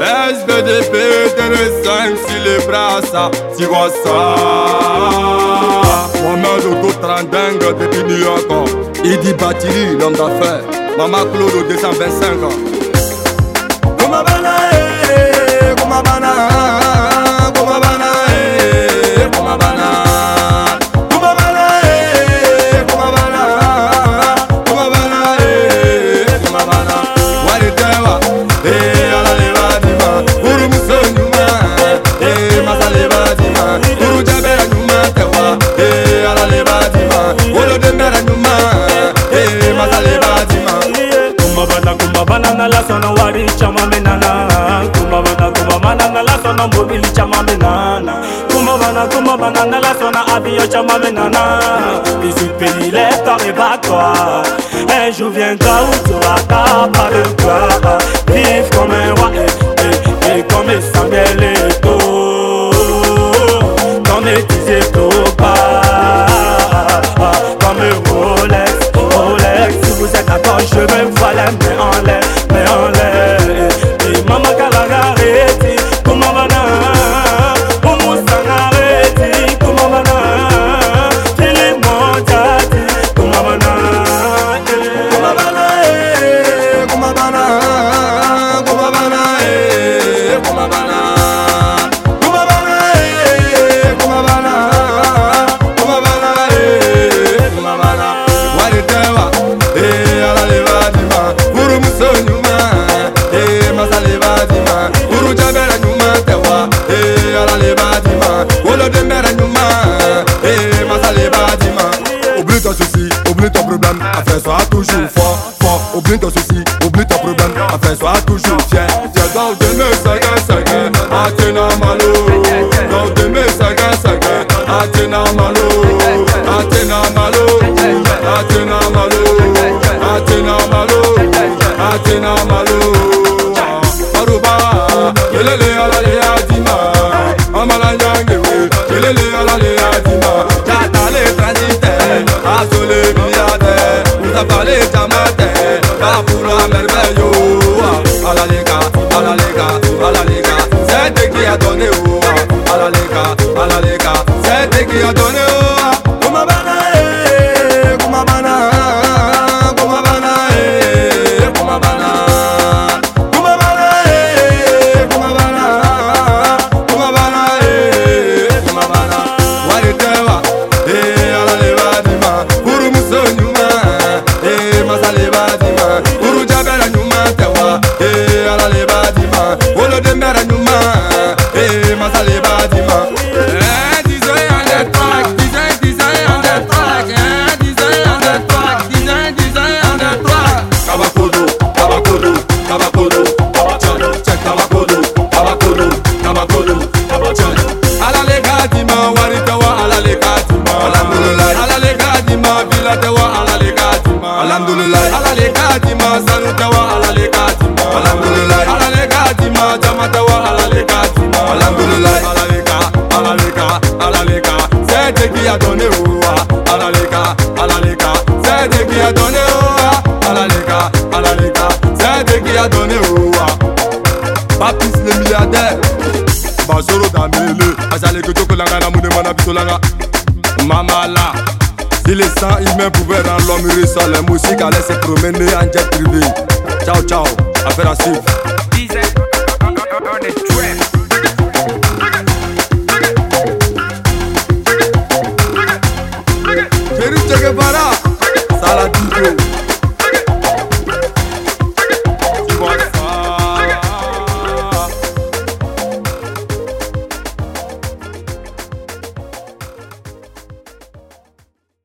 Veste de 5 c'est les bras, ça, c'est quoi ça. Mohamed Ogo dingue depuis New York, dit Batiri, l'homme d'affaires. Maman Claude 225. na lasono wari chamamenana kumbabana kumbabana na lasono mobili chamamenana kumbabana kumbabana na lasono avion chamamenana bisu pays les temps et bat toi un jour viendra où tu vas pas de toi vive comme un roi et, et, et comme Samuel Eto'o dans les petits étoiles problème, après sois toujours fort, fort, oublie tes soucis, oublie tes problèmes, après sois toujours fier, fier dans le demi, c'est que c'est que, à merveilleux À la lega, à la lega, à la C'est qui a donné, à la lega, à la lega C'est Dieu qui a donné, alhamdulillah ala le kati ma sanu tawa ala le kati ma alhamdulillah ala le kati ma jama tawa ala le kati ma alhamdulillah ala le ka ala le ka ala le ka sete ki a donné o wa ala le ka ala le ka sete ki a donné o wa ala le ka ala le ka sete ki a donné o wa Papis le milliardaire Bazoro da mele azali kotokolanga na monema na biso langa mamala Il est sans il met pouvait dans l'homme ça Les musiques allaient se promener en jet privé Ciao ciao, affaire à suivre Disait, on est